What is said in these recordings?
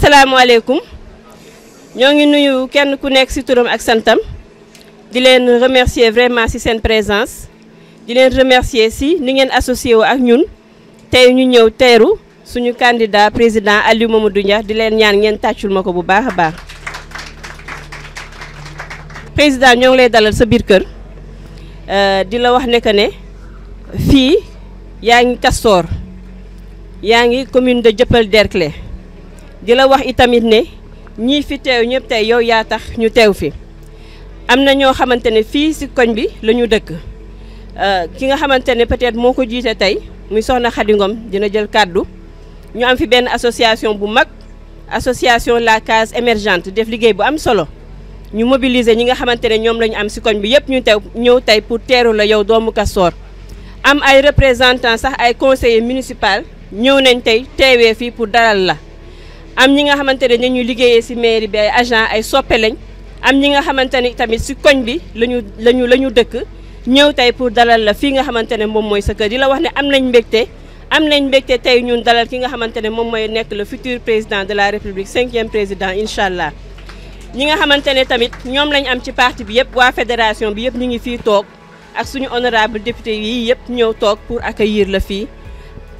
assalamu alaykum ñongi nuyu kenn ku nekk ci turum ak santam di len remercier vraiment ci sen présence di len remercier ci ni ngeen associé wu ak ñun tay ñu ñew téru suñu candidat président Aliou Mamadou Ndia di len ñaan ngeen tatchul mako bu baax baax président ñong lay dalal sa bir kër euh, di la wax ne ne fi yaangi Castor commune de Djepel Derklé di la wax itamit ne ñii fi teew ñëpp tey yow yaa tax ñu teew fi am na ñoo xamante ne fii si koñ bi la ñu dëkk euh, ki nga xamante ne peut-être moo ko jiite tey muy soxna Khady Ngom dina jël kàddu ñu am fi benn association bu mag association La Case émergente def liggéey bu am solo ñu mobiliser ñi nga xamante ne ñoom lañu am si koñ bi yëpp ñu teew ñëw tey pour teeru la yow doomu Castors am ay représentant sax ay conseillers municipal ñëw nañ tey teewee fii pour dalal la am ñi nga xamante ne ñuy liggéeyee ci maire bi ay agent ay soppe lañ am ñi nga xamante ne tamit ci koñ bi lañu lañu la ñu dëkk ñëw tey pour dalal la fii nga xamante ne moom mooy sa kër di la wax ne am nañ mbégte am nañ mbégte tey ñun dalal ki nga xamante ne moom mooy nekk le futur président de la république cinquième président incha allah ñi nga xamante ne tamit ñoom lañ am ci parti bi yëpp waa fédération bi yëpp ñu ngi fii toog ak suñu honorable député yii yëpp ñëw toog pour accueillir la fii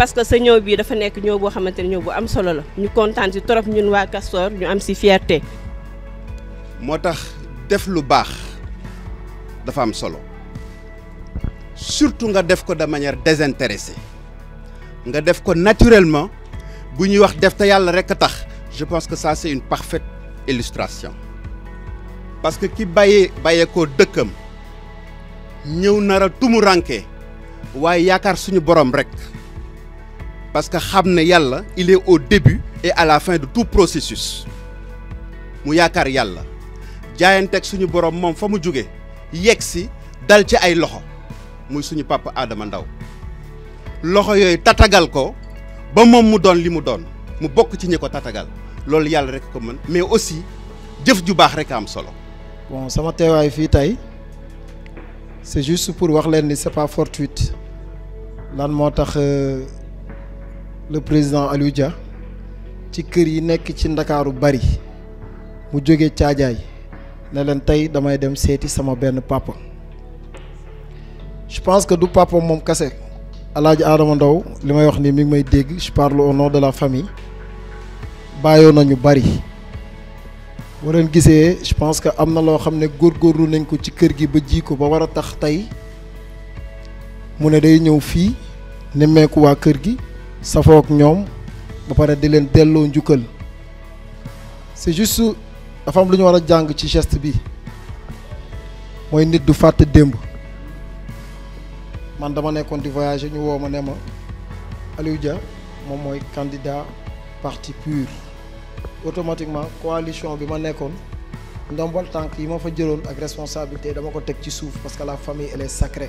parce que sa ñëw bi dafa nek ñëw boo xamanteni ne ñëw bu am solo la ñu kontaan ci trop ñun wa Castor ñu am ci fierté. motax def lu bax dafa am solo surtout nga def ko de manière désintéressée nga def ko naturellement bu ñuy wax def ta yalla rek tax je pense que ça c'est une parfaite illustration parce que ki bàyyee bàyyeekoo ko ñëw ñew nara tumu ranké waye yaakar suñu borom rek parce que xam yalla il est au début et à la fin de tout processus mu yaakaar yàlla jaayanteeg suñu borom mom famu mu yeksi dal ci ay loxo muy suñu papa Adama Ndaw loxo yoy tatagal ko ba mom mu don limu don mu bok ci ñiko tatagal loolu yalla rek ko man mais aussi jëf ju bax rek am solo. bon sama teewaay fi tay c'est juste pour wax leen ni c'est pas fortuite lan motax euh, le président Aliou Dia ci kër yi nekk ci ndakaaru bari mu jóge caajaay ne leen tey damay dem seeti sama benn papa je pense que du papa moom kase alaaji Adama Ndaw li may wax ni mi ngi may dégg je parle au de la famille bàyyoo nañu bari boo gisee je pense que am na loo xam ne góor góorgóorlu nañ ko ci kër gi ba ji ko ba war a tax tey mu ne day ñëw fii nemmeeku waa kër gi safok ñom ba paré di len dello ñukël c'est juste dafa am lu ñu war a ci geste bi moy nit du fàtte demb man dama nekkoon di voyager ñu woo ma ne ma Aliou Dia candidat parti PUR automatiquement coalition bi ma nekkoon ndombal tank yi ma fa jëloon ak responsabilité dama ko tek ci souf parce que la famille elle est sacrée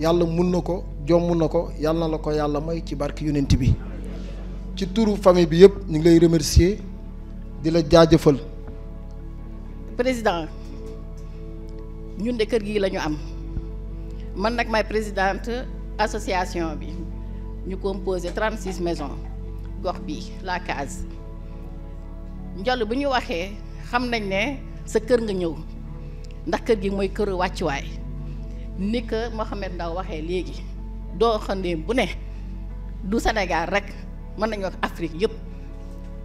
yàlla mun na ko jomm na ko yàlla la ko yàlla may ci barke yonent bi ci turu famille bi yëpp ñu ngi lay remercier di la jaajëfal. président ñun de kër gi lañu am man nag maay présidente association bi ñu composé 36 maisons gox bi la case njol bu ñu waxee xam nañ ne sa kër nga ñëw ndax kër gi mooy kër wàccuwaay. ni ko Mohamed Ndaw waxee léegi doo doxandéem bu ne du Sénégal rek mën nañu wax Afrique yëpp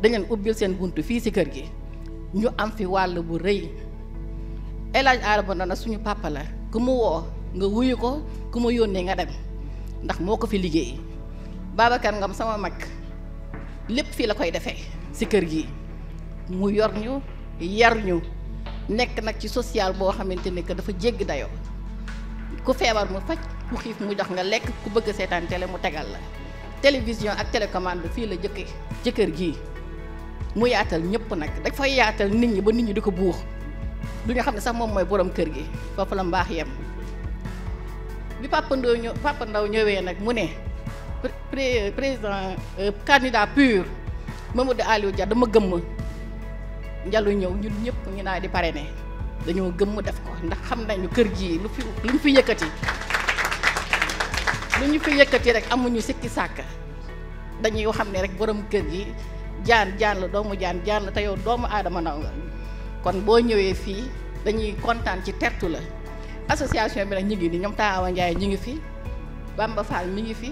dañ leen ubbil seen bunt fii ci kër gi ñu am fi wàll bu rëy El Hadj Arba na suñu pàppala la ku mu woo nga wuyu ko ku ma yónnee nga dem ndax moo ko fi liggéey Babacar ngam sama mag lépp fii la koy defee ci kër gi mu yor ñu yar ñu nekk nag ci social boo xamante ne que dafa jéggi dayoo. ku feebar mu faj ku xiif mu jox nga lekk ku bëgg seetaan télé mu tegal la télévision ak télécommande fii la jëkke ci kër gi mu yaatal ñëpp nag dafay yaatal nit ñi ba nit ñi di ko buux du ñu xam ne sax moom mooy boroom kër gi foofu la mbaax yem bi Papa Ndaw ñëw Papa Ndaw ñëwee nag mu ne pré président euh, candidat pur Mamadou Aliou jar dama gëmm njalu ñëw ñun ñëpp ñu naa di parrainé dañoo gëm mu def ko ndax xam nañu kër gi lu fi lu ñu fi yëkkati lu ñu fi yëkkati rek amuñu sikki sàkk dañuy xam ne rek borom kër gi jaan jaan la doomu jaan jaan la te yow doomu aadama naw nga kon boo ñëwee fii dañuy kontaan ci tertu la association bi nag ñu ngi nii ñoom Taawa Ndiaye ñu ngi fi Bamba Fall mi ngi fi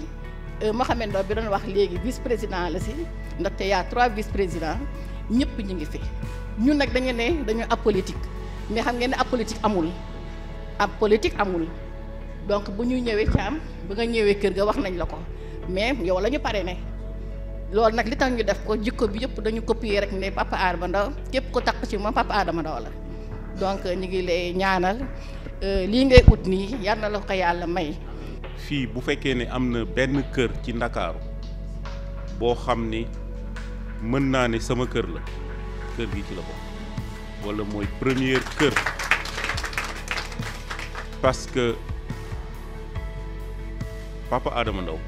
euh, Mouhamed Ndo bi dañu wax léegi vice président la si ndaxte y a trois vice présidents ñëpp ñu ngi fi ñun nag dañu ne dañu apolitique mais xam ngeen ne ab politique amul ab politique amul donc bu ñu ñëwee caam bu nga ñëwee kër ga wax nañ la ko mais yow lañu ñu pare ne loolu nag li tax ñu def ko jikko bi yëpp dañu copier rek ne papa Adama Ndao képp ko takk ci moom papa Adama Ndao la donc ñu ngi lay ñaanal euh, lii ngay ut nii yal la ko yàlla may. fii bu fekkee ne am na benn kër ci ndakaaru boo xam ni mën naa ne sama kër la kër gi ci la bokk. wala mooy première kër parce que papa Adama Ndao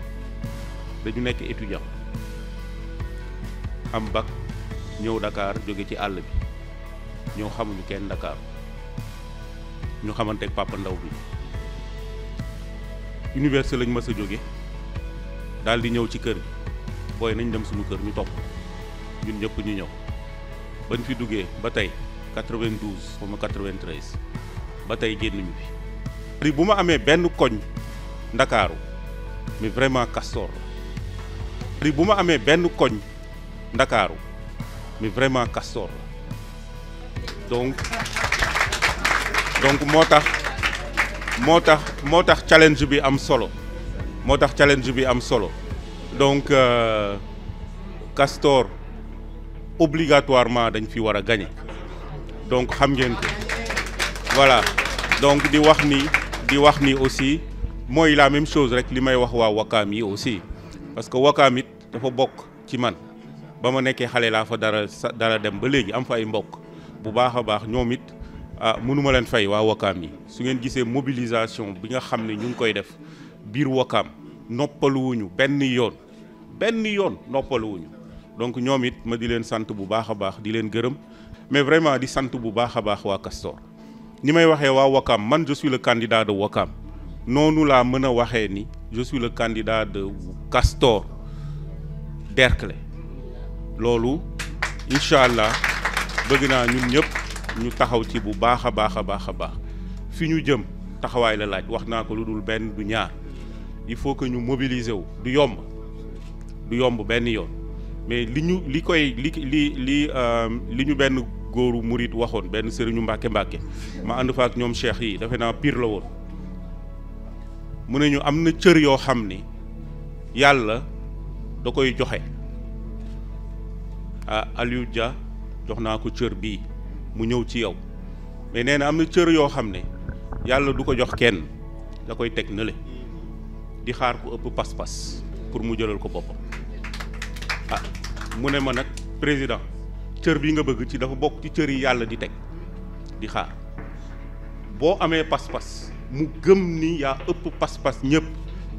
dañu nekk étudiant am bac ñëw Dakar jóge ci àll bi ñoo xamuñu kenn Dakar ñu xamante ak ndaw Ndao bi université lañ mës a jóge daal di ñëw ci kër booy nañ dem suñu kër ñu topp ñun ñëpp ñu ñëw bañ fi duggee ba tey 92 xaw ma 93 ba tey génnuñu fi. li bu ma amee benn koñ ndakaaru mais vraiment Castor la. li bu ma amee benn koñ ndakaaru mais vraiment Castor la donc donc moo tax moo tax moo tax challenge bi am solo moo tax challenge bi am solo donc euh, Castor obligatoirement dañ fi war gagner donc xam ngeen ko voilà donc di wax ni di wax ni aussi moy la même chose rek limay wax wa aussi parce que Wakaam it dafa bok ci man bama ma xalé la fa dara dara dem ba légui am fa ay mbok bu baax a baax it ah mënuma len fay wa Wakaam yi su ngeen gisee mobilisation bi nga xam ne ñu ngi koy def wakam noppalu wuñu ben yoon ben yoon wuñu donc Nyomit, it ma di len sante bu baax di len mais vraiment di sant bu baakha Castor ni may Wakam. je suis le candidat de Wakam. la je suis le candidat de Castor Derklé lolou Inshallah, ñun ñep ñu taxaw bu baakha baakha baakha baax fi ñu jëm il faut que nous mobiliser du yomb du yomb mais li li euh, góoru murit waxoon benn sëriñu Mbàkke Mbàkke ma ànd fa ak ñoom cheikh yi defe naa pire la woon mu ne ñu am na cër yoo xam ni yàlla da koy joxe ah Aliou Dia jox naa ko cër bii mu ñëw ci yow mais am na cër yoo xam ne yàlla du ko jox kenn da koy teg nële di xaar ku ëpp pas-pas pour mu jëlal ko boppam ah mu ne ma nag président. cër bi nga bëgg ci dafa bokk ci cër yi yàlla di teg di xaar boo amee pas-pas mu gëm ni yaa ëpp pas-pas ñépp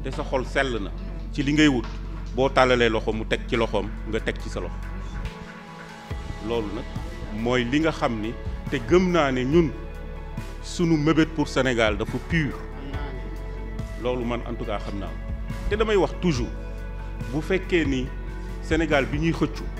te sa xol sell na ci li ngay wut boo tàllalee loxo mu teg ci loxoom nga teg ci sa loxo loolu nag mooy li nga xam ni te gëm naa ne ñun sunu mébét pour Sénégal dafa pur loolu man en tout cas xam naa te damay wax toujours bu fekkee ni Sénégal bi ñuy xëccu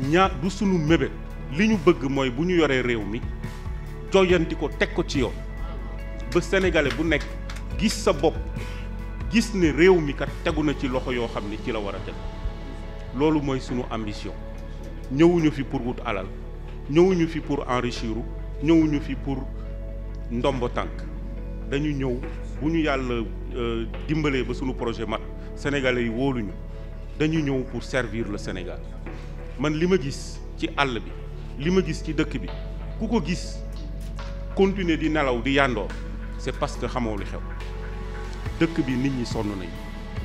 ñaa du sunu mébét li ñu bëgg mooy bu ñu yoree réew mi joyanti ko teg ko ci yoon ba sénégalais bu nekk gis sa bopp gis ne réew mi kat tegu na ci loxo yoo xam ne ci la war a teg loolu mooy sunu ambition ñëwuñu fi pour wut alal ñëwuñu fi pour enrichir ñëwuñu fi pour ndombo tànk dañu ñëw bu ñu yàlla euh, dimbalee ba sunu projet mat sénégalais yi wóoluñu dañu ñëw pour servir le Sénégal man li ma gis ci àll bi li ma gis ci dëkk bi ku ko gis continuer di nelaw di yàndoo c'est parce que xamoo li xew dëkk bi nit ñi sonn nañ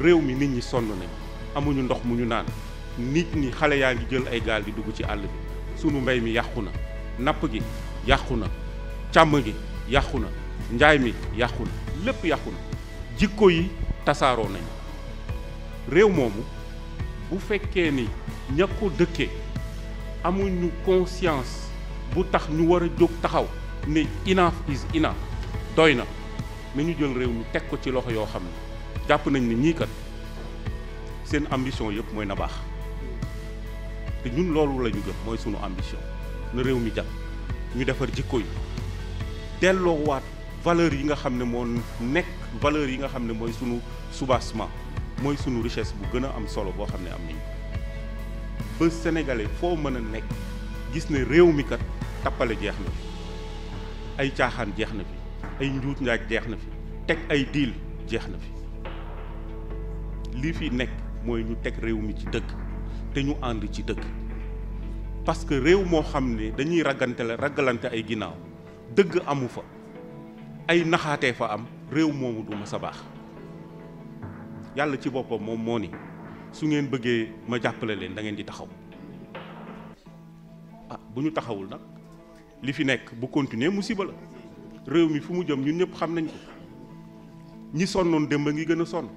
réew mi nit ñi sonn nañ amuñu ndox mu ñu naan nit ñi xale yaa ngi jël ay gaal di dugg ci àll bi sunu mbay mi yàqu na napp gi yàqu na càmm gi yàqu na njaay mi yàqu na lépp yàqu na jikko yi tasaaroo nañ réew moomu bu fekkee ni ña ko dëkkee amuñu conscience bu tax ñu war a jóg taxaw ne enough is enough doy na nañu ñu jël réew mi teg ko ci loxo yoo xam ne jàpp nañ ne ñii kat seen ambition yëpp mooy na baax te ñun loolu lañu ñu gëm mooy sunu ambition na réew mi jàpp ñu defar jikko yi delloowaat valeur yi nga xam ne moo nekk valeur yi nga xam ne mooy sunu soubassement mooy sunu richesse bu gën a am solo boo xam ne am nañ ba sénégalais foo mën a nekk gis ne réew mi kat tappale jeex na fi ay caaxaan jeex na fi ay njuut njaaj jeex na fi teg ay diil jeex na fi lii fi nekk mooy ñu teg réew mi ci dëgg te ñu ànd ci dëgg parce que réew moo xam ne dañuy raggante la ragalante ay ginnaaw dëgg amu fa ay naxaatee fa am réew moomu du ma baax yàlla ci boppam moom moo ni su ngeen bëggee ma jàppale leen da ngeen di taxaw a ah, bu ñu taxawul nag li fi nekk bu continuer musiba la réew mi fu mu jëm ñun ñëpp xam nañ ko ñi sonnoon démb a ngi gën a sonn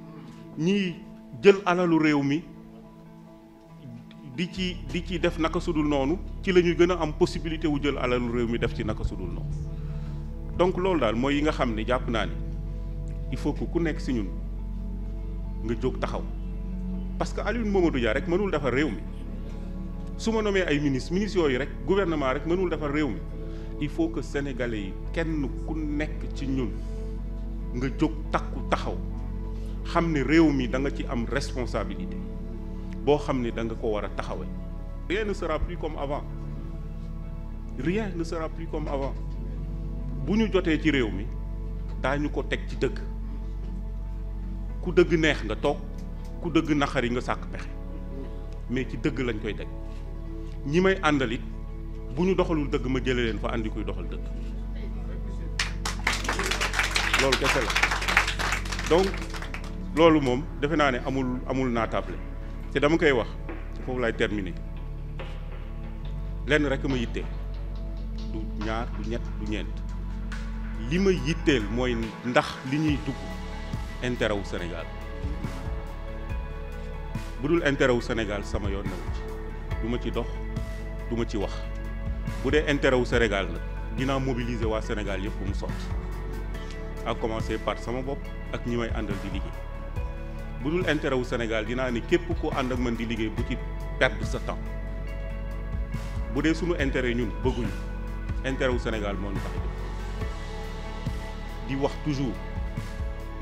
ñi jël alalu réew mi di ci di ci def naka sudul noonu ci la ñu gën a am possibilité wu jël alalu réew mi def ci naka sudul noonu donc loolu daal mooy yi nga xam ne jàpp naa ni il faut que ku nekk si ñun nga jóg taxaw parce que Aliou Mamadou Dia rek mënul defar réew mi su ma ay ministres ministres yooyu rek gouvernement rek mënul defar réew mi il faut que sénégalais yi kenn ku nekk ci ñun nga jóg takku taxaw Xamni ne réew mi da nga ci am responsabilité Bo xamni da nga ko wara a rien ne sera plus comme avant rien ne sera plus comme avant bu ñu jotee ci réew mi daañu ko teg ci dëgg ku dëgg neex nga tok ku dëgg naxari nga sàkk pexe mais ci dëgg lañ koy teg ñi may àndal bu ñu doxalul dëgg ma jëlee leen fa andi kuy doxal dëgg loolu kese la donc loolu moom defe naa ne amul amul naataable te dama koy wax foofu laay terminer lenn rek ma yitteel du ñaar du ñett du ñeent li may yitteel mooy ndax li ñuy dugg intérêt wu Sénégal. bu dul intérêt wu Sénégal sama yoon newu ci du ma ci dox du ma ci wax bu dee intérêt wu Sénégal nag dinaa mobiliser waa Sénégal yëpp mu sotti ak commencer par sama bopp ak ñi may àndal di liggéey bu dul intérêt wu Sénégal dinaa ne képp ku ànd ak man di liggéey bu ci perdre sa temps bu dee suma intérêt ñun bëgguñu intérêt wu Sénégal moo ñu tax di wax toujours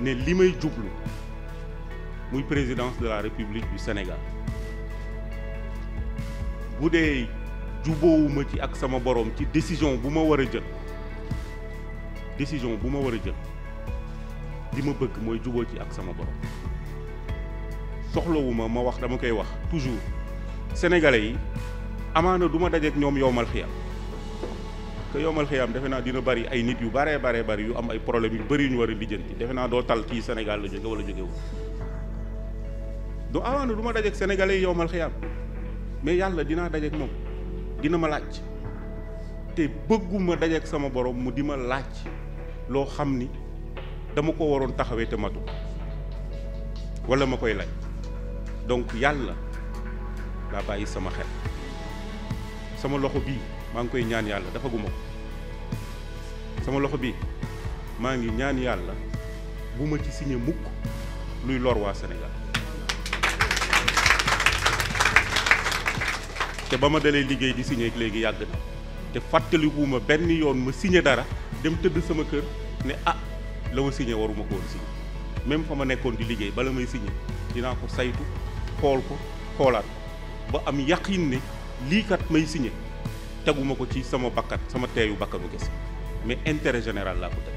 ne li may jublu muy présidence de la république du Sénégal bu djubou ma ci ak sama borom ci décision buma wara war jël décision buma wara war a jël li bëgg moy jubóo ci ak sama borom soxlawuma ma wax dama koy wax toujours sénégalais yi amana duma dajé ak ñom yowmal xiyam que yowmal xiyam défé na dina bari ay nit yu baree baree bari yu am ay problème yu bari ñu wara a Défé na do tal ci Sénégal la jóge wala jóge wu du awaana duma ma dajeeg sénégalais yi yow mais yàlla dinaa dajeeg moom dina ma laaj te bëgguma dajeeg sama borom mu di ma laaj loo xam ni dama ko waroon taxawee te matu wala ma koy laaj donc yàlla laa bàyyi sama xel sama loxo bii maa ngi koy ñaan yàlla dafaguma ko sama loxo bii maa ngi ñaan yàlla bu ma ci signé mukk luy lor waa Sénégal té bama dalé liggéey di signé ak légui yag na té fatali fàttalikuwuma benn yoon ma signé dara dem teud sama kër né ah la ma signé waruma ko signé même fama ma di liggéey bala may signé dina ko saytu xol ko xolat ba am yaqin né li kat may signé taguma ko ci sama bakkat sama teeyu bakkanu gess mais intérêt général la ko teg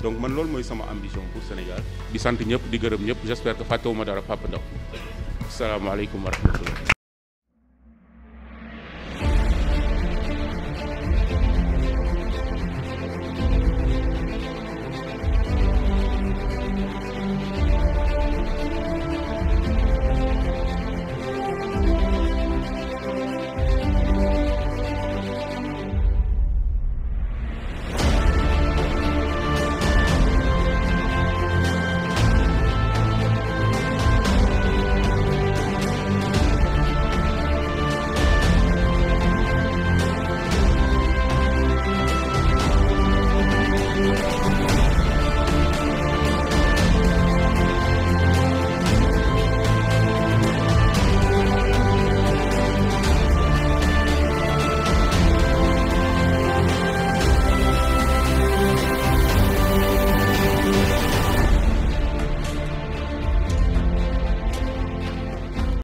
donc man lool moy sama ambition pour Sénégal di sante ñëpp di gërëm ñëpp j'espère que fatéwuma dara Papa Ndaw asalaamaaleykum wa rahmatullah